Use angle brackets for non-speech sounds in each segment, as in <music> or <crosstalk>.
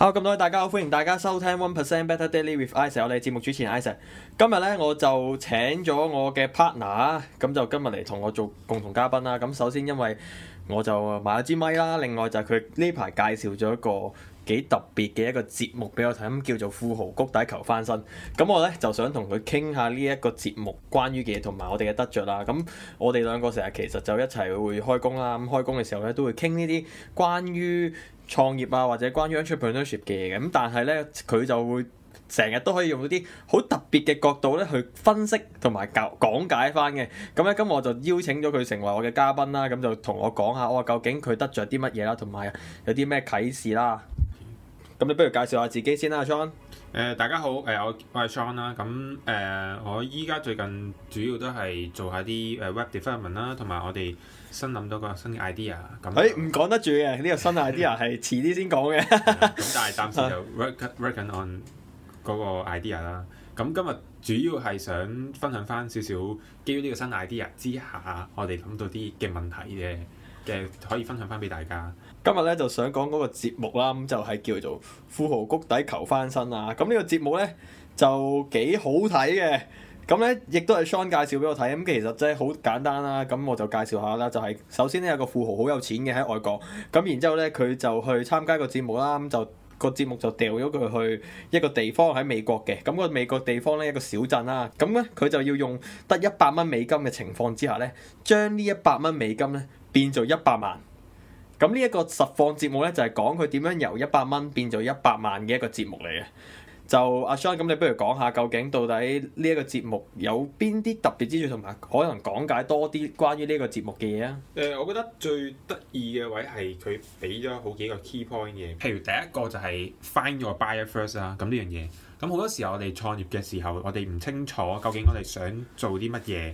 Hello 咁多位大家好，歡迎大家收聽 One Percent Better Daily with Isaac，我哋節目主持人 Isaac。IS 今日咧，我就請咗我嘅 partner，咁就今日嚟同我做共同嘉賓啦。咁首先因為我就買咗支咪啦，另外就係佢呢排介紹咗一個幾特別嘅一個節目俾我睇，咁叫做富豪谷底求翻身。咁我咧，就想同佢傾下呢一個節目關於嘅嘢，同埋我哋嘅得着啦。咁我哋兩個成日其實就一齊會開工啦，咁開工嘅時候咧，都會傾呢啲關於。創業啊，或者關於 Entrepreneurship 嘅嘢嘅，咁但係咧，佢就會成日都可以用一啲好特別嘅角度咧，去分析同埋教，教講解翻嘅。咁咧，咁我就邀請咗佢成為我嘅嘉賓啦。咁就同我講下，我究竟佢得著啲乜嘢啦，同埋有啲咩啟示啦。咁你不如介紹下自己先啦，阿 John。誒，大家好，誒、呃，我我係 John 啦。咁、呃、誒，我依家最近主要都係做下啲誒 web development 啦、啊，同埋我哋新諗到個新嘅 idea、啊。咁誒、欸，唔講、嗯、得住嘅呢 <laughs> 個新 idea 係遲啲先講嘅。咁、 <laughs> 嗯、但係暫時就 work、 <laughs> uh, work on 嗰個 idea 啦、啊。咁、嗯、今日主要係想分享翻少，少少基於呢個新 idea 之下，我哋諗到啲嘅問題嘅嘅，可以分享翻俾大家。今日咧就想講嗰個節目啦，咁就係叫做《富豪谷底求翻身》啊！咁呢個節目咧就幾好睇嘅，咁咧亦都係 Sean 介紹俾我睇。咁其實真係好簡單啦，咁我就介紹下啦。就係首先咧有個富豪好有錢嘅喺外國，咁然之後咧佢就去參加個節目啦。咁就個節目就掉咗佢去一個地方喺美國嘅，咁個美國地方咧一個小鎮啦。咁咧佢就要用得一百蚊美金嘅情況之下咧，將呢一百蚊美金咧變做一百萬。咁呢、就是、一個實況節目咧，就係講佢點樣由一百蚊變做一百萬嘅一個節目嚟嘅。就、啊、阿 Sean，咁你不如講下究竟到底呢一個節目有邊啲特別之處，同埋可能講解多啲關於呢個節目嘅嘢啊？誒、呃，我覺得最得意嘅位係佢俾咗好幾個 key point 嘅，譬如第一個就係 find your buyer first 啊。咁呢樣嘢，咁好多時候我哋創業嘅時候，我哋唔清楚究竟我哋想做啲乜嘢。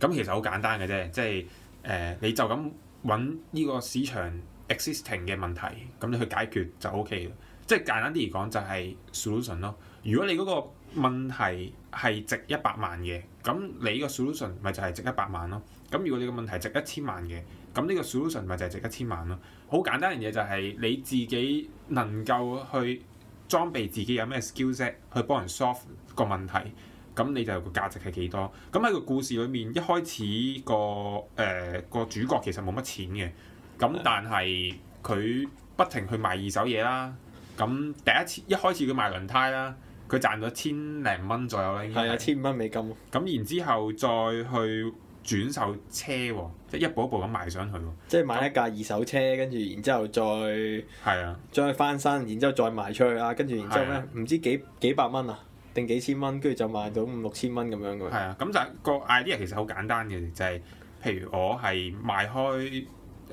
咁其實好簡單嘅啫，即係誒、呃，你就咁。揾呢個市場 existing 嘅問題，咁你去解決就 OK 啦。即係簡單啲嚟講就係 solution 咯。如果你嗰個問題係值一百萬嘅，咁你個 solution 咪就係值一百萬咯。咁如果你個問題值一千萬嘅，咁呢個 solution 咪就係值一千萬咯。好簡單嘅嘢就係你自己能夠去裝備自己有咩 skill set 去幫人 solve 個問題。咁你就個價值係幾多？咁喺個故事裏面，一開始、個誒個、呃、主角其實冇乜錢嘅，咁但係佢不停去賣二手嘢啦。咁第一次一開始佢賣輪胎啦，佢賺咗千零蚊左右啦，應該係啊，千五蚊美金。咁然之後再去轉售車喎，即係一步一步咁賣上去喎。即係買一架二手車，跟住然之後、然之後再係啊，再翻新，然之後再賣出去啦。跟住然之後呢？唔知幾幾百蚊啊？定幾千蚊，跟住就賣到五六千蚊咁樣嘅。係啊，咁就係個 idea 其實好簡單嘅，就係，譬如我係賣開誒、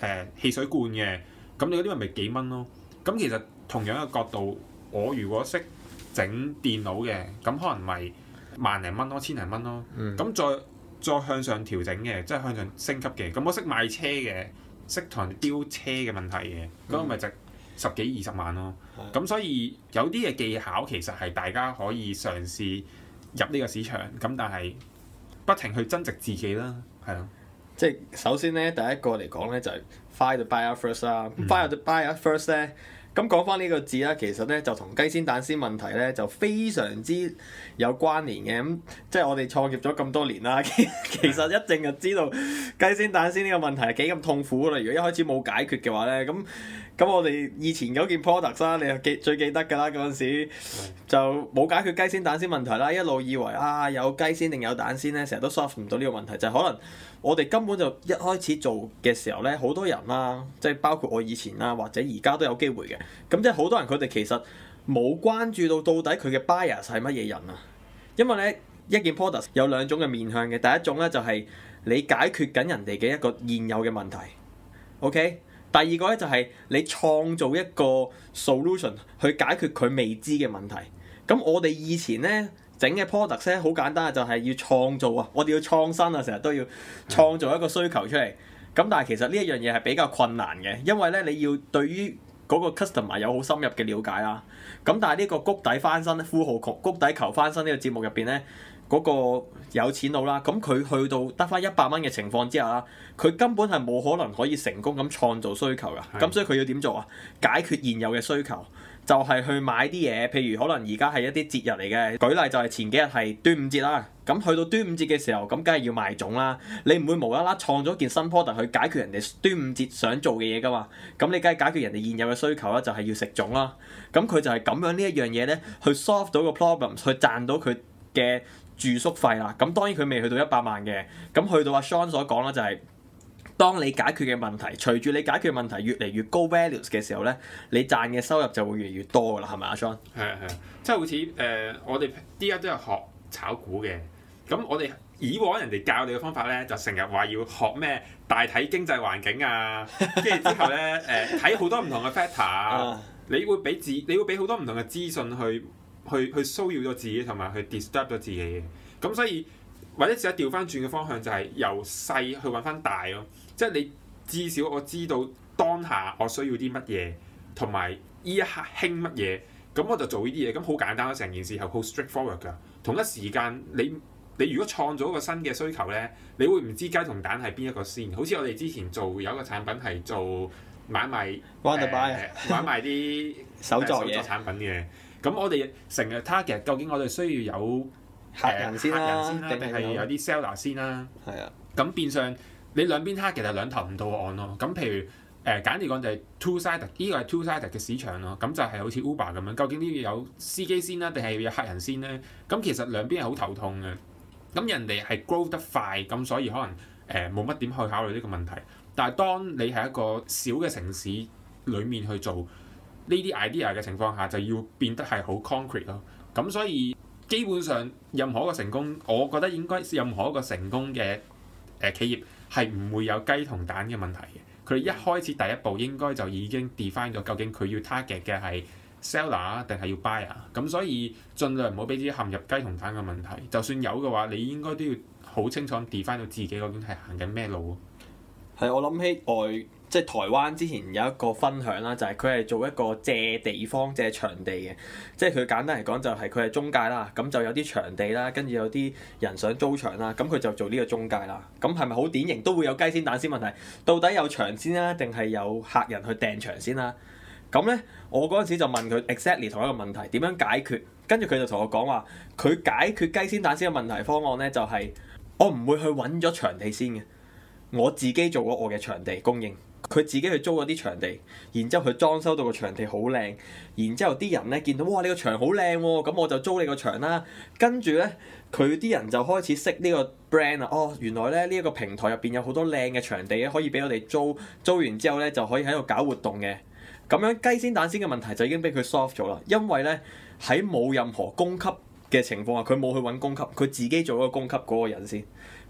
呃、汽水罐嘅，咁你嗰啲咪幾蚊咯？咁其實同樣嘅角度，我如果識整電腦嘅，咁可能咪萬零蚊咯，千零蚊咯。嗯。咁再再向上調整嘅，即係向上升級嘅，咁我識賣車嘅，識同人丟車嘅問題嘅，咁咪就。嗯十幾二十萬咯，咁 <noise> 所以有啲嘅技巧其實係大家可以嘗試入呢個市場，咁但係不停去增值自己啦，係咯。即係首先咧，第一個嚟講咧就係、fire the buy first 啦。fire the buy first 咧，咁講翻呢個字啦，其實咧就同雞先蛋先問題咧就非常之有關聯嘅。咁即係我哋創業咗咁多年啦，其實一直就知道雞先蛋先呢個問題係幾咁痛苦噶啦。如果一開始冇解決嘅話咧，咁咁我哋以前嗰件 product 啦，你又記最記得㗎啦，嗰陣時就冇解決雞先蛋先問題啦，一路以為啊有雞先定有蛋先咧，成日都 soft 唔到呢個問題，就係、可能我哋根本就一開始做嘅時候咧，好多人啦，即係包括我以前啦，或者而家都有機會嘅，咁即係好多人佢哋其實冇關注到到底佢嘅 buyer 係乜嘢人啊，因為咧一件 product 有兩種嘅面向嘅，第一種咧就係你解決緊人哋嘅一個現有嘅問題，OK？第二個咧就係你創造一個 solution 去解決佢未知嘅問題。咁我哋以前咧整嘅 product 呢好簡單啊，就係、是、要創造啊，我哋要創新啊，成日都要創造一個需求出嚟。咁但係其實呢一樣嘢係比較困難嘅，因為咧你要對於嗰個 customer 有好深入嘅了解啊。咁但係呢個谷底翻身，富豪窮谷底求翻身個節呢個節目入邊咧。嗰個有錢佬啦，咁佢去到得翻一百蚊嘅情況之下啦，佢根本係冇可能可以成功咁創造需求噶，咁是的 所以佢要點做啊？解決現有嘅需求就係、是、去買啲嘢，譬如可能而家係一啲節日嚟嘅，舉例就係前幾日係端午節啦，咁去到端午節嘅時候，咁梗係要賣粽啦。你唔會無啦啦創咗件新 product 去解決人哋端午節想做嘅嘢噶嘛？咁你梗係解決人哋現有嘅需求啦，就係、是、要食粽啦。咁佢就係咁樣這呢一樣嘢咧，去 solve 到個 problem，s, 去賺到佢嘅。住宿費啦，咁當然佢未去到一百萬嘅，咁去到阿 Sean 所講啦、就是，就係當你解決嘅問題，隨住你解決問題越嚟越高 values 嘅時候咧，你賺嘅收入就會越嚟越多噶啦，係咪阿 Sean？係，係，即係好似誒，我哋依家都係學炒股嘅，咁我哋以往人哋教你嘅方法咧，就成日話要學咩大體經濟環境啊，跟住 <laughs> 之後咧誒，睇、呃、好多唔同嘅 factor 啊你，你會俾自，你會俾好多唔同嘅資訊去。去去騷擾咗自己同埋去 disturb 咗自己嘅，咁所以或者試下調翻轉嘅方向，就係、是、由細去揾翻大咯。即係你至少我知道當下我需要啲乜嘢，同埋依一刻興乜嘢，咁我就做呢啲嘢。咁好簡單咯，成件事係好 straightforward 噶。同一時間你你如果創造一個新嘅需求咧，你會唔知雞同蛋係邊一個先？好似我哋之前做有一個產品係做買賣，買賣啲 anda、呃、 <laughs> 手作嘢產品嘅。 <laughs> 咁我哋成日 target 究竟我哋需要有客人先啦，定係有啲 seller 先啦？係啊。咁變相你兩邊 target 其實兩頭唔到岸咯。咁譬如誒簡直講就係 two sided，呢個係 two sided 嘅市場咯。咁就係好似 Uber 咁樣，究竟呢啲有司機先啦，定係有客人先咧？咁其實兩邊係好頭痛嘅。咁人哋係 grow 得快，咁所以可能誒冇乜點去考慮呢個問題。但係當你係一個小嘅城市裡面去做。呢啲 idea 嘅情況下，就要變得係好 concrete 咯。咁所以基本上任何一個成功，我覺得應該任何一個成功嘅誒、呃、企業係唔會有雞同蛋嘅問題嘅。佢一開始第一步應該就已經 define 咗，究竟佢要 target 嘅係 seller 啊，定係要 buyer 啊。咁所以盡量唔好俾自己陷入雞同蛋嘅問題。就算有嘅話，你應該都要好清楚 define 到自己究竟係行緊咩路。係，我諗起外。即係台灣之前有一個分享啦，就係佢係做一個借地方、借場地嘅。即係佢簡單嚟講，就係佢係中介啦，咁就有啲場地啦，跟住有啲人想租場啦，咁佢就做呢個中介啦。咁係咪好典型？都會有雞先蛋先問題，到底有場先啊，定係有客人去訂場先啊？咁咧，我嗰陣時就問佢 exactly 同一個問題，點樣解決？跟住佢就同我講話，佢解決雞先蛋先嘅問題方案咧，就係、是、我唔會去揾咗場地先嘅，我自己做咗我嘅場地供應。佢自己去租嗰啲場地，然之後佢裝修到個場地好靚，然之後啲人咧見到哇你個場好靚喎，咁我就租你個場啦。跟住咧，佢啲人就開始識呢個 brand 啦。哦，原來咧呢一個平台入邊有好多靚嘅場地咧，可以俾我哋租。租完之後咧就可以喺度搞活動嘅。咁樣雞先蛋先嘅問題就已經俾佢 soft 咗啦。因為咧喺冇任何供給嘅情況下，佢冇去揾供給，佢自己做咗個供給嗰個人先，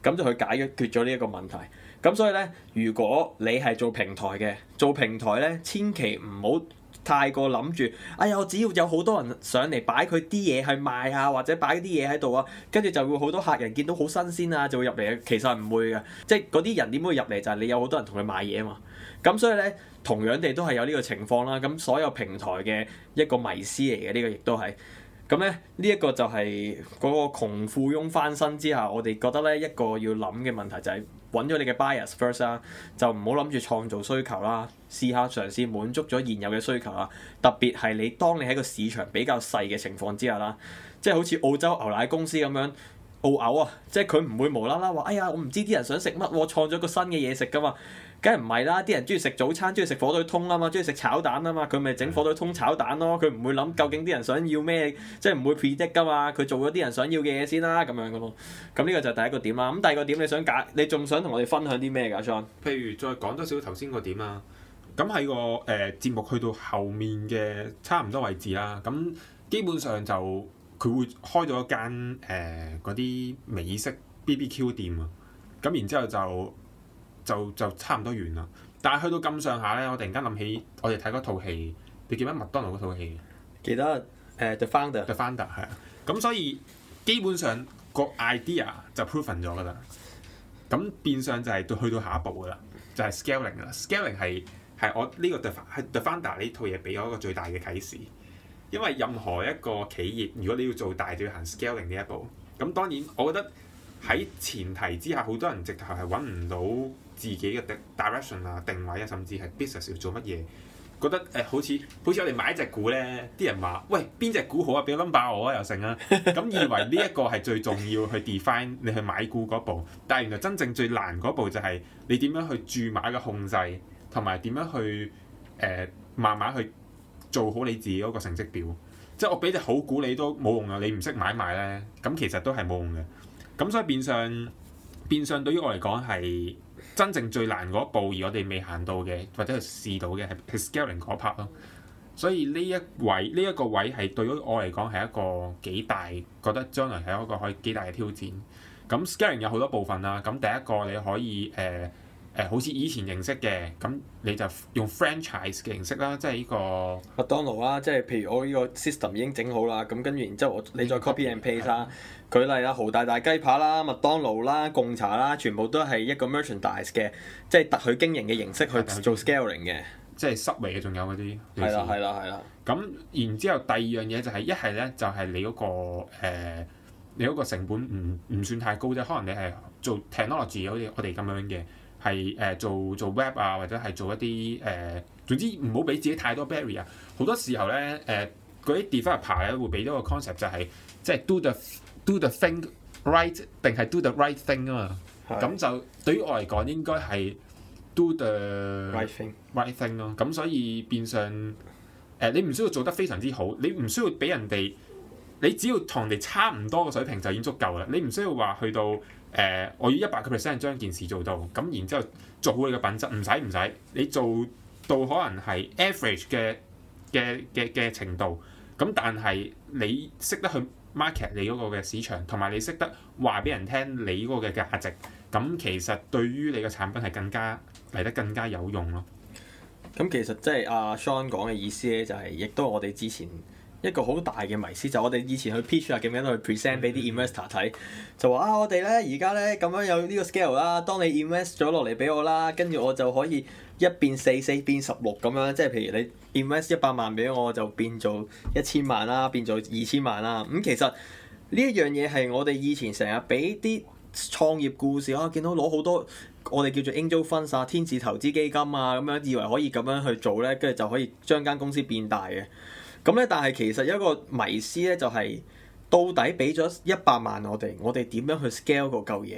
咁就去解決咗呢一個問題。咁所以咧，如果你係做平台嘅，做平台咧，千祈唔好太過諗住，哎呀，只要有好多人上嚟擺佢啲嘢去賣啊，或者擺啲嘢喺度啊，跟住就會好多客人見到好新鮮啊，就會入嚟。其實唔會嘅，即係嗰啲人點會入嚟？就係你有好多人同佢買嘢啊嘛。咁所以咧，同樣地都係有呢個情況啦。咁所有平台嘅一個迷思嚟嘅，呢個亦都係。咁咧，呢一個就係嗰個窮富翁翻身之下，我哋覺得咧一個要諗嘅問題就係揾咗你嘅 buyers first 啦，就唔好諗住創造需求啦，試下嘗試滿足咗現有嘅需求啊！特別係你當你喺個市場比較細嘅情況之下啦，即係好似澳洲牛奶公司咁樣，澳牛啊，即係佢唔會無啦啦話，哎呀，我唔知啲人想食乜，我創咗個新嘅嘢食噶嘛。梗係唔係啦？啲人中意食早餐，中意食火腿通啊嘛，中意食炒蛋啊嘛，佢咪整火腿通炒蛋咯。佢唔會諗究竟啲人，人想要咩，即係唔會 predict 㗎嘛。佢做咗啲人想要嘅嘢先啦，咁樣㗎咯。咁呢個就第一個點啦。咁第二個點，你想解，你仲想同我哋分享啲咩㗎，John？譬如再講多少頭先個點啦。咁喺個誒、呃、節目去到後面嘅差唔多位置啦。咁基本上就佢會開咗間誒嗰啲美式 BBQ 店啊。咁然之後就。就就差唔多完啦，但係去到咁上下咧，我突然間諗起我哋睇嗰套戲，你記唔記得麥當勞嗰套戲？記得誒 The Founder，The Founder 係啊，咁所以基本上個 idea 就 proven 咗㗎啦，咁變相就係去到下一步㗎啦，就係 scaling 啦，scaling 係係我呢個 The Founder 呢套嘢俾我一個最大嘅啟示，因為任何一個企業如果你要做大，就要行 scaling 呢一步，咁當然我覺得喺前提之下，好多人直頭係揾唔到自己嘅 direction 啊，定位啊，甚至係 business 要做乜嘢，覺得誒、呃、好似好似我哋買一隻股咧，啲人話喂邊隻股好啊，俾我 number 我啊，又成啦、啊。咁 <laughs> 以為呢一個係最重要去 define 你去買股嗰步，但係原來真正最難嗰步就係你點樣去注碼嘅控制，同埋點樣去誒、呃、慢慢去做好你自己嗰個成績表。即係我俾隻好股你都冇用啊，你唔識買賣咧，咁其實都係冇用嘅。咁所以變相變相對於我嚟講係。真正最難嗰一步，而我哋未行到嘅，或者係試到嘅，係 scaling 嗰 part 咯。所以呢一位呢一個位係對於我嚟講係一個幾大覺得將來係一個可以幾大嘅挑戰。咁 scaling 有好多部分啦。咁第一個你可以誒、呃誒、呃、好似以前形式嘅，咁你就用 franchise 嘅形式啦，即係呢、這個麥當勞啦、啊，即係譬如我呢個 system 已經整好啦，咁跟住然之後我你再 copy and paste 啦、啊，舉例啦，豪大大雞扒啦、麥當勞啦、啊、貢茶啦、啊，全部都係一個 merchandise 嘅，即係特許經營嘅形式去做 scaling 嘅，即係濕位嘅，仲有嗰啲係啦係啦係啦，咁然之後第二樣嘢就係一係咧就係你嗰、那個、呃、你嗰個成本唔唔算太高啫，可能你係做 technology 好似我哋咁樣嘅。係誒、呃、做做 web 啊，或者係做一啲誒、呃，總之唔好俾自己太多 barrier、啊。好多時候咧，誒嗰啲 developer 咧會俾到個 concept 就係、是，即、就、係、是、do the do the thing right 定係 do the right thing 啊嘛。咁的就對於我嚟講，應該係 do the right thing，right thing 咯、right thing 啊。咁所以變相誒、呃，你唔需要做得非常之好，你唔需要俾人哋，你只要同人哋差唔多個水平就已經足夠啦。你唔需要話去到。誒，uh, 我要一百個 percent 將件事做到，咁然之後做好你嘅品質，唔使唔使，你做到可能係 average 嘅嘅嘅嘅程度，咁但係你識得去 market 你嗰個嘅市場，同埋你識得話俾人聽你嗰個嘅價值，咁其實對於你嘅產品係更加嚟得更加有用咯。咁其實即係阿 Shawn 講嘅意思咧、就係，就係亦都我哋之前。一個好大嘅迷思就係，我哋以前去 pitch 啊，咁樣去 present 俾啲 investor 睇，就話啊，我哋咧而家咧咁樣有呢個 scale 啦，當你 invest 咗落嚟俾我啦，跟住我就可以一變四，四變十六咁樣，即係譬如你 invest 一百萬俾我，就變做一千萬啦，變做二千萬啦。咁、嗯、其實呢一樣嘢係我哋以前成日俾啲創業故事啊，見到攞好多我哋叫做 angel fund 啊、天使投資基金啊咁樣，以為可以咁樣去做咧，跟住就可以將間公司變大嘅。咁咧，但係其實一個迷思咧，就係到底俾咗一百萬我哋，我哋點樣去 scale 個嚿嘢？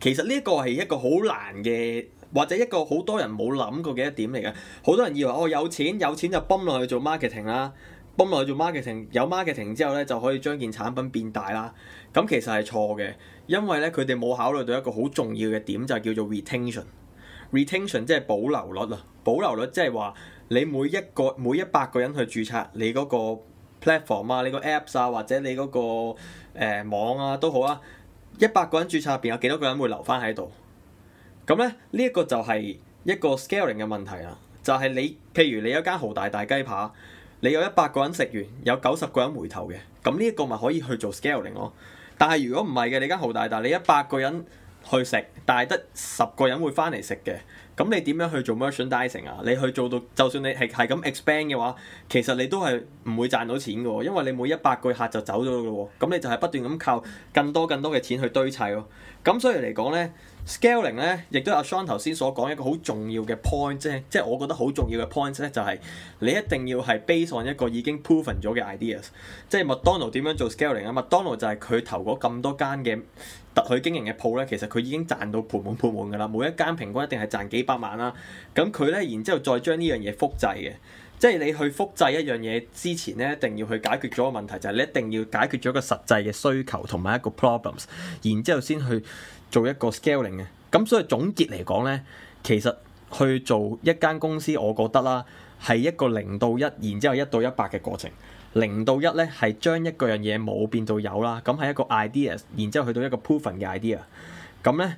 其實呢個係一個好難嘅，或者一個好多人冇諗過嘅一點嚟嘅。好多人以為我、哦、有錢有錢就泵落去做 marketing 啦，泵落去做 marketing，有 marketing 之後咧就可以將件產品變大啦。咁其實係錯嘅，因為咧佢哋冇考慮到一個好重要嘅點，就係叫做 retention。retention 即係保留率啊，保留率即係話，你每一個每一百個人去註冊，你嗰個 platform 啊、你個 apps 啊或者你嗰、嗰個誒、呃、網啊都好啊，一百個人註冊入邊有幾多個人會留翻喺度？咁咧呢、呢個、一個就係一個 scaling 嘅問題啦。就係、是、你譬如你一間豪大大雞排，你有一百個人食完，有九十個人回頭嘅，咁呢一個咪可以去做 scaling 咯。但係如果唔係嘅，你間豪大大你一百個人去食，但係得十個人會翻嚟食嘅。咁你點樣去做 merchandising 啊？你去做到，就算你係係咁 expand 嘅話，其實你都係唔會賺到錢嘅喎，因為你每一百個客就走咗咯喎。咁你就係不斷咁靠更多更多嘅錢去堆砌喎、哦。咁所以嚟講咧，scaling 咧，亦都阿 Sean 頭先所講一個好重要嘅 point，即係即係我覺得好重要嘅 point 咧、就是，就係你一定要係 based on 一個已經 proven 咗嘅 ideas。即係麥當勞點樣做 scaling 啊？麥當勞就係佢投咗咁多間嘅。特許經營嘅鋪咧，其實佢已經賺到盆滿缽滿㗎啦，每一間平均一定係賺幾百萬啦。咁佢咧，然之後再將呢樣嘢複製嘅，即係你去複製一樣嘢之前咧，一定要去解決咗個問題，就係你一定要解決咗個實際嘅需求同埋一個 problems，然之後先去做一個 scaling 嘅。咁所以總結嚟講咧，其實去做一間公司，我覺得啦，係一個零到一，然之後一到一百嘅過程。零到一咧係將一個樣嘢冇變到有啦，咁係一個 idea，然之後去到一個 proven 嘅 idea。咁咧，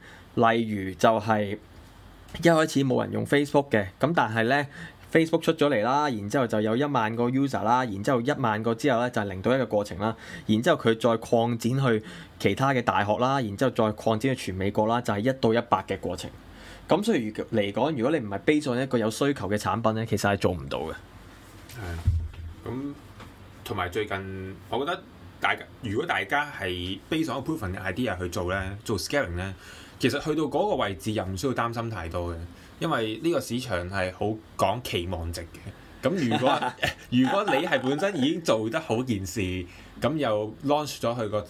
例如就係、是、一開始冇人用 Facebook 嘅，咁但係咧 Facebook 出咗嚟啦，然之後就有一萬個 user 啦，然之後一萬個之後咧就係、是、零到一嘅過程啦。然之後佢再擴展去其他嘅大學啦，然之後再擴展去全美國啦，就係、是、一到一百嘅過程。咁所以嚟講，如果你唔係 based 喺一個有需求嘅產品咧，其實係做唔到嘅。係啊，咁。嗯。同埋最近，我覺得大家，如果大家係 basic improvement 啲去做呢，做 scaling 呢，其實去到嗰個位置又唔需要擔心太多嘅，因為呢個市場係好講期望值嘅。咁如果 <laughs> 如果你係本身已經做得好件事，咁又 launch 咗佢個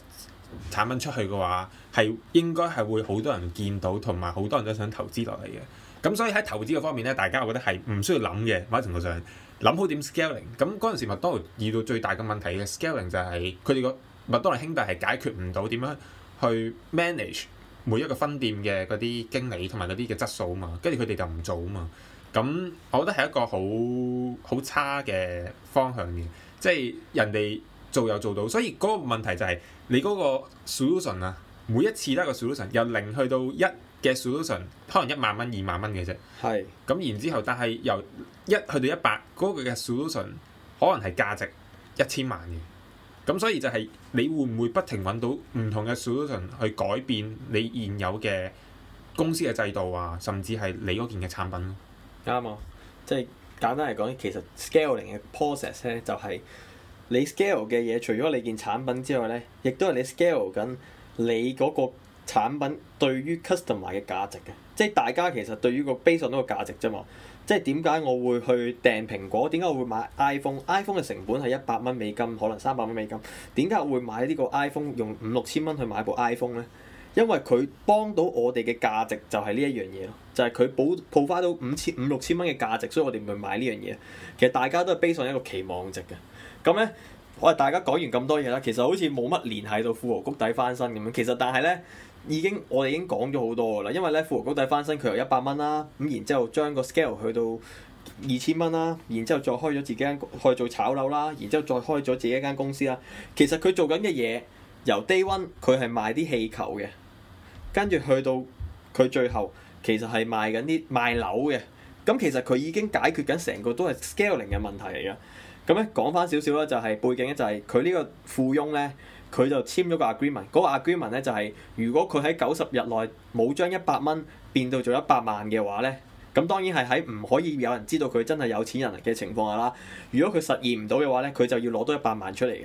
產品出去嘅話，係應該係會好多人見到，同埋好多人都想投資落嚟嘅。咁所以喺投資嘅方面呢，大家我覺得係唔需要諗嘅，某程度上。諗好點 scaling，咁嗰陣時麥當勞遇到最大嘅問題嘅 scaling 就係佢哋個麥當勞兄弟係解決唔到點樣去 manage 每一個分店嘅嗰啲經理同埋嗰啲嘅質素啊嘛，跟住佢哋就唔做啊嘛，咁我覺得係一個好好差嘅方向嘅，即係人哋做又做到，所以嗰個問題就係你嗰個 solution 啊，每一次都係一個 solution，由零去到一。嘅 solution 可能一萬蚊二萬蚊嘅啫，係咁然之後，但係由一去到一百，嗰個嘅 solution 可能係價值一千萬嘅，咁所以就係你會唔會不停揾到唔同嘅 solution 去改變你現有嘅公司嘅制度啊，甚至係你嗰件嘅產品咯，啱啊，即係簡單嚟講，其實 scaling 嘅 process 咧就係你 scale 嘅嘢，除咗你件產品之外咧，亦都係你 scale 緊你嗰個。產品對於 customer 嘅價值嘅，即係大家其實對於個 basic 嗰個價值啫嘛。即係點解我會去訂蘋果？點解我會買 iPhone？iPhone 嘅成本係一百蚊美金，可能三百蚊美金。點解我會買呢個 iPhone？用五六千蚊去買部 iPhone 呢？因為佢幫到我哋嘅價值就係呢一樣嘢咯，就係佢補返到五千五六千蚊嘅價值，所以我哋咪買呢樣嘢。其實大家都係 basic 一個期望值嘅。咁呢，我哋大家講完咁多嘢啦，其實好似冇乜聯繫到富豪谷底翻身咁樣。其實但係呢。已經我哋已經講咗好多噶啦，因為咧富豪谷底翻身，佢由一百蚊啦，咁然之後將個 scale 去到二千蚊啦，然之後再開咗自己間去做炒樓啦，然之後再開咗自己一間公司啦。其實佢做緊嘅嘢由 day one 佢係賣啲氣球嘅，跟住去到佢最後其實係賣緊啲賣樓嘅。咁其實佢已經解決緊成個都係 scaling 嘅問題嚟嘅。咁咧講翻少少啦，就係背景咧就係佢呢個富翁咧。佢就簽咗個 agreement，嗰個 agreement 咧就係、是、如果佢喺九十日內冇將一百蚊變到做一百萬嘅話咧，咁當然係喺唔可以有人知道佢真係有錢人嘅情況下啦。如果佢實現唔到嘅話咧，佢就要攞多一百萬出嚟嘅。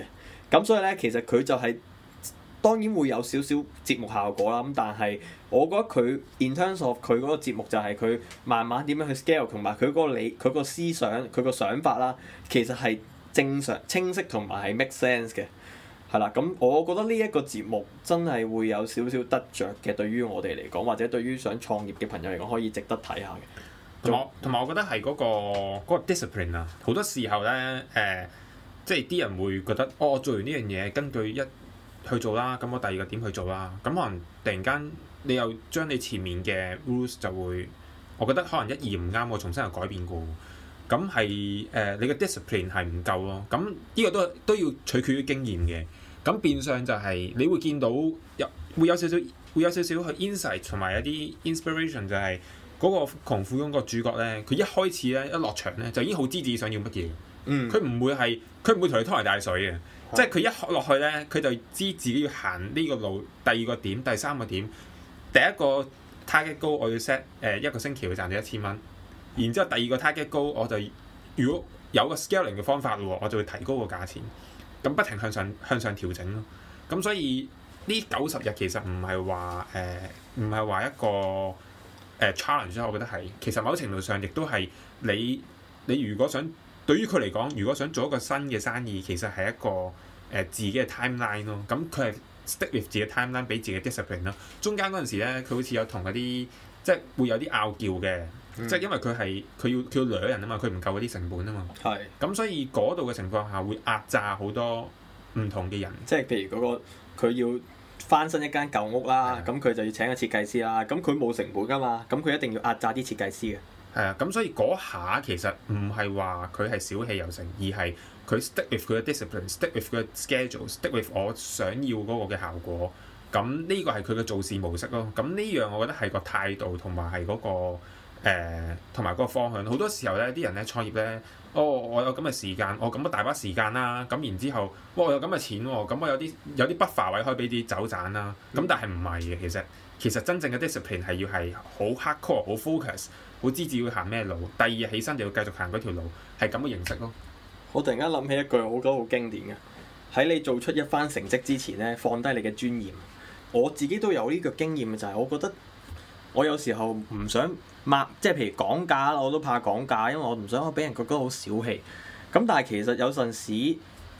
咁所以咧，其實佢就係、是、當然會有少少節目效果啦。咁但係我覺得佢 in terms of 佢嗰個節目就係、是、佢慢慢點樣去 scale，同埋佢嗰個理、佢個思想、佢個想法啦，其實係正常、清晰同埋係 make sense 嘅。係啦，咁我覺得呢一個節目真係會有少少得着嘅，對於我哋嚟講，或者對於想創業嘅朋友嚟講，可以值得睇下嘅。同同埋我覺得係嗰個嗰個 discipline 啊，好多時候咧，誒，即係啲人會覺得，哦，我做完呢樣嘢根據一去做啦，咁我第二個點去做啦，咁可能突然間你又將你前面嘅 rules 就會，我覺得可能一二唔啱，我重新又改變過，咁係誒你嘅 discipline 係唔夠咯。咁呢個都都要取決於經驗嘅。咁變相就係你會見到有會有少少會有少少去 insight 同埋一啲 inspiration 就係嗰個窮富翁個主角咧，佢一開始咧一落場咧就已經好知自己想要乜嘢。嗯，佢唔會係佢唔會同你拖泥帶水嘅，好即係佢一落去咧，佢就知自己要行呢個路第二個點第三個點第一個 target 高我要 set 誒一個星期會賺到一千蚊，然之後第二個 target 高我就如果有個 scaling 嘅方法喎，我就會提高個價錢。咁不停向上向上調整咯，咁所以呢九十日其實唔係話誒唔係話一個誒、呃、challenge，我覺得係其實某程度上亦都係你你如果想對於佢嚟講，如果想做一個新嘅生意，其實係一個誒、呃、自己嘅 timeline 咯。咁佢係 stick with 自己 timeline，俾自己 discipline 咯。中間嗰陣時咧，佢好似有同嗰啲即係會有啲拗撬嘅。嗯、即係因為佢係佢要佢要人啊嘛，佢唔夠嗰啲成本啊嘛，係咁的，所以嗰度嘅情況下會壓榨好多唔同嘅人。即係譬如嗰、那個佢要翻新一間舊屋啦，咁佢的就要請個設計師啦，咁佢冇成本啊嘛，咁佢一定要壓榨啲設計師嘅係啊。咁所以嗰下其實唔係話佢係小氣又成，而係佢 stick with 佢嘅 discipline，stick with 佢嘅 schedule，stick with 我想要嗰個嘅效果。咁呢個係佢嘅做事模式咯。咁呢樣我覺得係個態度同埋係嗰個。誒同埋嗰個方向，好多時候咧啲人咧創業咧，哦我有咁嘅時間，我咁嘅大把時間啦、啊，咁然後之後，哇我有咁嘅錢喎，咁我有啲、啊嗯、有啲 buffer 位可以俾啲走盞啦，咁、嗯、但係唔係嘅，其實其實真正嘅 discipline 係要係好 hardcore，好 focus，好知自己要行咩路，第二日起身就要繼續行嗰條路，係咁嘅形式咯、啊。我突然間諗起一句好講好經典嘅，喺你做出一番成績之前咧，放低你嘅尊嚴。我自己都有呢個經驗就係、是、我覺得。我有時候唔想抹，即係譬如講價啦，我都怕講價，因為我唔想我俾人覺得好小氣。咁但係其實有陣時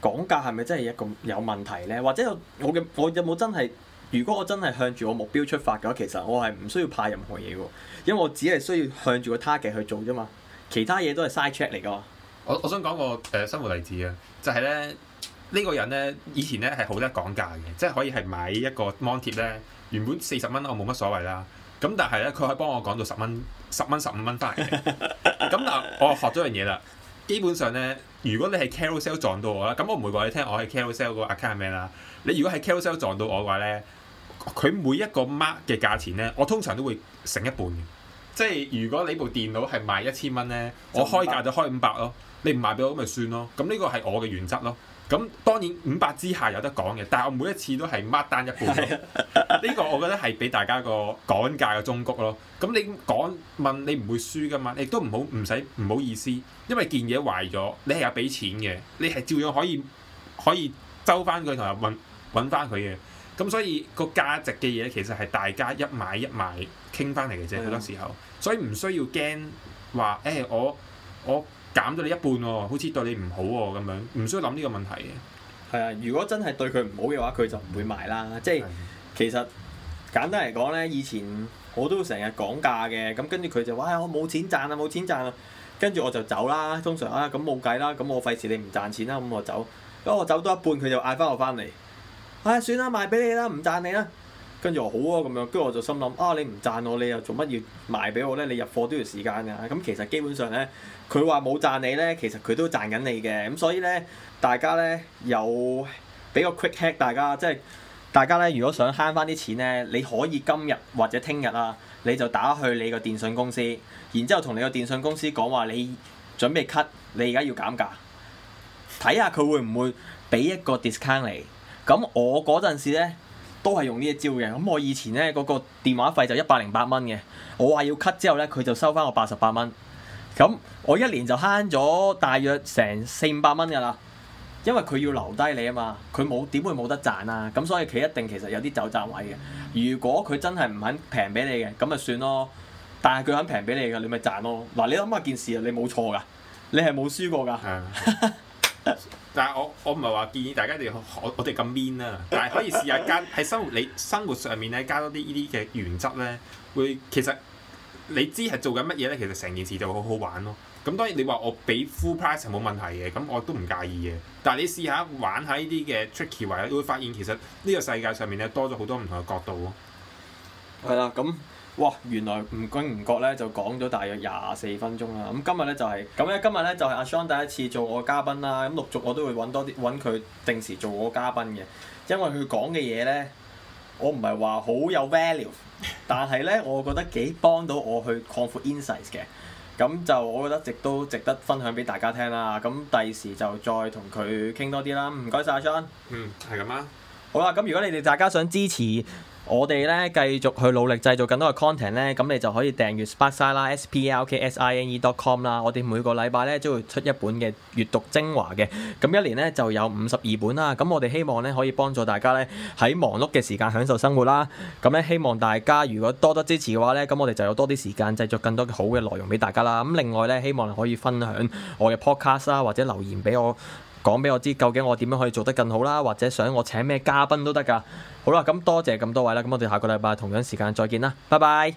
講價係咪真係一個有問題呢？或者我嘅我有冇真係？如果我真係向住我目標出發嘅話，其實我係唔需要怕任何嘢喎，因為我只係需要向住個 target 去做啫嘛。其他嘢都係 side track 嚟㗎。我我想講個誒、呃、生活例子啊，就係、是、咧呢、這個人呢，以前呢係好叻講價嘅，即、就、係、是、可以係買一個 mon 貼咧，原本四十蚊我冇乜所謂啦。咁但係咧，佢可以幫我講到十蚊、十蚊、十五蚊翻嚟。咁 <laughs> 但係我學咗樣嘢啦。基本上咧，如果你係 Carousel 撞到我咧，咁我唔會話你聽。我喺 Carousel 嗰個 account 係咩啦？你如果喺 Carousel 撞到我嘅話咧，佢每一個 mark 嘅價錢咧，我通常都會成一半嘅。即係如果你部電腦係賣一千蚊咧，就 500? 我開價就開五百咯。你唔賣俾我咁咪算咯。咁呢個係我嘅原則咯。咁當然五百之下有得講嘅，但係我每一次都係 mark down 一半，呢 <laughs> 個我覺得係俾大家個講價嘅忠告咯。咁你講問你唔會輸㗎嘛？你都唔好唔使唔好意思，因為件嘢壞咗，你係有俾錢嘅，你係照樣可以可以收翻佢同埋揾揾翻佢嘅。咁所以個價值嘅嘢其實係大家一買一賣傾翻嚟嘅啫，好的多時候，所以唔需要驚話誒我我。我減咗你一半喎、哦，好似對你唔好喎、哦、咁樣，唔需要諗呢個問題嘅。係啊，如果真係對佢唔好嘅話，佢就唔會賣啦。即係，其實簡單嚟講呢，以前我都成日講價嘅，咁跟住佢就話、哎、我冇錢賺啊，冇錢賺啊，跟住我就走啦。通常啊，咁冇計啦，咁我費事你唔賺錢啦，咁我走。不過我走多一半，佢就嗌翻我翻嚟，唉、哎，算啦，賣俾你啦，唔賺你啦。跟住我好啊，咁樣，跟住我就心諗啊你唔賺我，你又做乜要賣俾我呢？你入貨都要時間㗎啊，咁其實基本上呢，佢話冇賺你呢，其實佢都賺緊你嘅，咁所以呢，大家呢，又俾個 quick hack，大家即係大家呢，如果想慳翻啲錢呢，你可以今日或者聽日啊，你就打去你個電信公司，然之後同你個電信公司講話，你準備 cut，你而家要減價，睇下佢會唔會俾一個 discount 嚟。咁我嗰陣時呢。都係用呢一招嘅，咁我以前呢嗰個電話費就一百零八蚊嘅，我話要 cut 之後呢，佢就收翻我八十八蚊，咁我一年就慳咗大約成四百蚊噶啦，因為佢要留低你啊嘛，佢冇點會冇得賺啊，咁所以佢一定其實有啲走盞位嘅。如果佢真係唔肯平俾你嘅，咁咪算咯，但係佢肯平俾你嘅，你咪賺咯。嗱，你諗下件事，你冇錯噶，你係冇輸過噶。嗯 <laughs> 但係我我唔係話建議大家哋我我哋咁 mean 啊，但係可以試下加喺生活你生活上面咧加多啲呢啲嘅原則咧，會其實你知係做緊乜嘢咧，其實成件事就會好好玩咯。咁當然你話我俾 full price 係冇問題嘅，咁我都唔介意嘅。但係你試下玩下呢啲嘅 tricky 位，你會發現其實呢個世界上面咧多咗好多唔同嘅角度咯。係啦，咁。哇，原來唔經唔覺咧就講咗大約廿四分鐘啦。咁今日咧就係咁咧，今日咧就係、是、阿 Sean 第一次做我嘉賓啦。咁陸續我都會揾多啲揾佢定時做我嘉賓嘅，因為佢講嘅嘢咧，我唔係話好有 value，但係咧我覺得幾幫到我去擴闊 insight 嘅。咁就我覺得值都值得分享俾大家聽啦。咁第時就再同佢傾多啲啦。唔該晒阿 Sean。嗯，係咁啦。好啦，咁如果你哋大家想支持。我哋咧繼續去努力製造更多嘅 content 咧，咁你就可以訂閱 Sparksine 啦，S P A R K S I N E dot com 啦。我哋每個禮拜咧都會出一本嘅閱讀精華嘅，咁一年咧就有五十二本啦。咁我哋希望咧可以幫助大家咧喺忙碌嘅時間享受生活啦。咁咧希望大家如果多多支持嘅話咧，咁我哋就有多啲時間製作更多嘅好嘅內容俾大家啦。咁另外咧希望你可以分享我嘅 podcast 啦，或者留言俾我。講畀我知究竟我點樣可以做得更好啦，或者想我請咩嘉賓都得㗎。好啦，咁多謝咁多位啦，咁我哋下個禮拜同樣時間再見啦，拜拜。